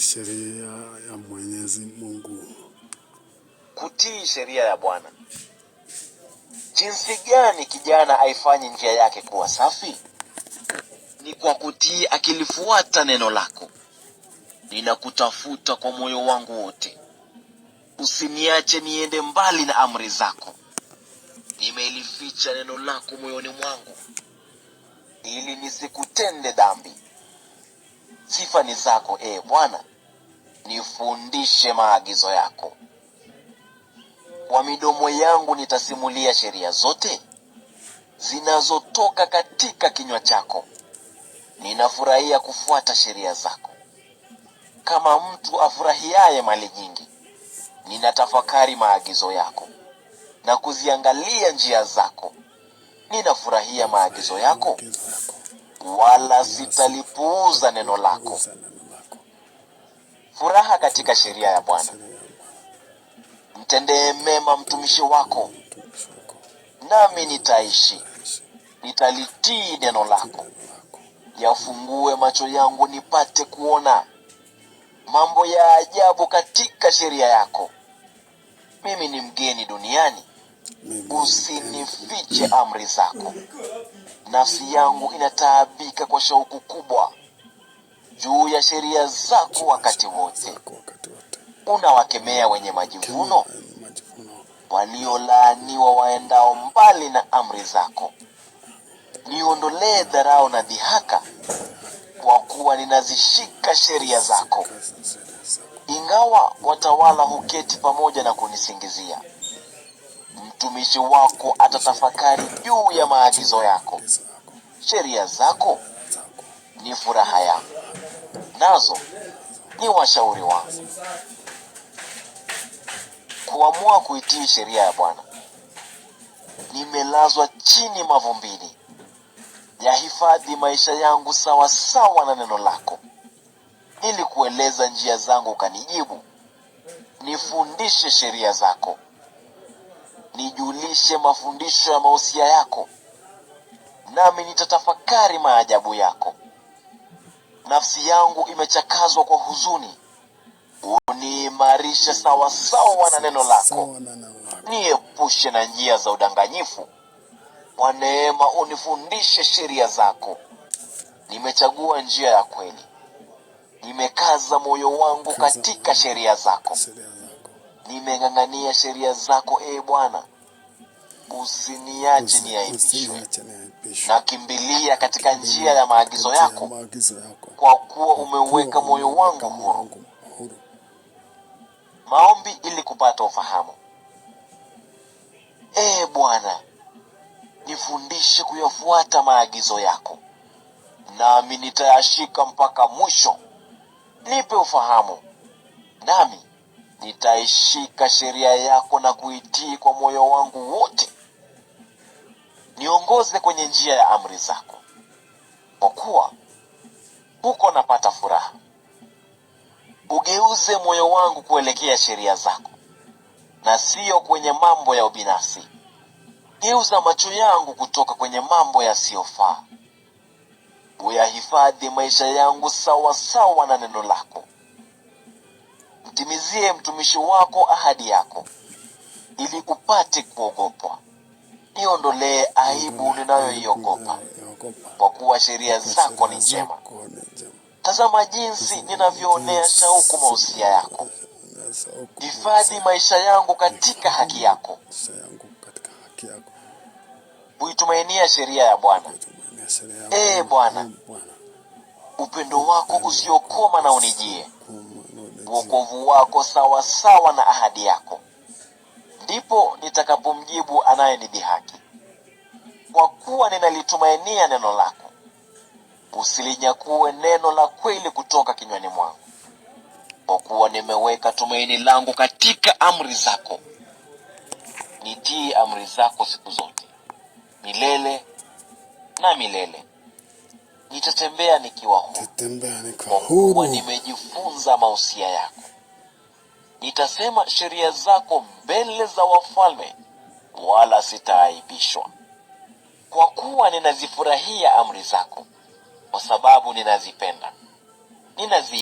Sheria ya Mwenyezi Mungu. Kutii sheria ya Bwana. Jinsi gani kijana aifanye njia yake kuwa safi? Ni kwa kutii, akilifuata neno lako. Ninakutafuta kwa moyo wangu wote, usiniache niende mbali na amri zako. Nimelificha neno lako moyoni mwangu, ili nisikutende dhambi sifa ni zako. E Bwana, nifundishe maagizo yako. Kwa midomo yangu nitasimulia sheria zote zinazotoka katika kinywa chako. Ninafurahia kufuata sheria zako kama mtu afurahiaye mali nyingi. Ninatafakari maagizo yako na kuziangalia njia zako. Ninafurahia maagizo yako wala sitalipuuza neno lako. Furaha katika sheria ya Bwana, mtendee mema mtumishi wako, nami nitaishi, nitalitii neno lako. Yafungue macho yangu nipate kuona mambo ya ajabu katika sheria yako. Mimi ni mgeni duniani, usinifiche amri zako. Nafsi yangu inataabika kwa shauku kubwa juu ya sheria zako wakati wote. Unawakemea wenye majivuno, waliolaaniwa waendao mbali na amri zako. Niondolee dharau na dhihaka, kwa kuwa ninazishika sheria zako. Ingawa watawala huketi pamoja na kunisingizia mtumishi wako atatafakari juu ya maagizo yako. Sheria zako ni furaha yangu, nazo ni washauri wangu. Kuamua kuitii sheria ya Bwana. Nimelazwa chini mavumbini, yahifadhi maisha yangu sawa sawa na neno lako. ili kueleza njia zangu, kanijibu Nifundishe sheria zako nijulishe mafundisho ya mausia yako, nami nitatafakari maajabu yako. Nafsi yangu imechakazwa kwa huzuni, uniimarishe sawasawa na neno lako. Niepushe na njia za udanganyifu, kwa neema unifundishe sheria zako. Nimechagua njia ya kweli, nimekaza moyo wangu katika sheria zako nimeng'ang'ania sheria zako e Bwana, usiniache niaibishwe. Nakimbilia katika njia ya maagizo yako, kwa kuwa umeuweka moyo wangu huru. Maombi ili kupata ufahamu. e Bwana, nifundishe kuyafuata maagizo yako, nami nitayashika mpaka mwisho. Nipe ufahamu, nami nitaishika sheria yako na kuitii kwa moyo wangu wote. Niongoze kwenye njia ya amri zako, kwa kuwa huko napata furaha. Ugeuze moyo wangu kuelekea sheria zako na siyo kwenye mambo ya ubinafsi. Geuza macho yangu kutoka kwenye mambo yasiyofaa, uyahifadhi maisha yangu sawasawa na neno lako umtimizie mtumishi wako ahadi yako, ili upate kuogopwa. Niondolee aibu ninayoiogopa, kwa kuwa sheria zako ni njema. Tazama jinsi ninavyoonea shauku mausia yako. Hifadhi maisha yangu katika haki yako. Uitumainia sheria ya Bwana. Ee Bwana, upendo wako usiokoma na unijie wokovu wako sawasawa na ahadi yako, ndipo nitakapomjibu anayenidhihaki, kwa kuwa ninalitumainia neno lako. Usilinyakue neno la kweli kutoka kinywani mwangu, kwa kuwa nimeweka tumaini langu katika amri zako. Nitii amri zako siku zote, milele na milele nitatembea nikiwa huru, kwa kuwa nimejifunza mausia yako. Nitasema sheria zako mbele za wafalme, wala sitaaibishwa, kwa kuwa ninazifurahia amri zako, kwa sababu ninazipenda ninazi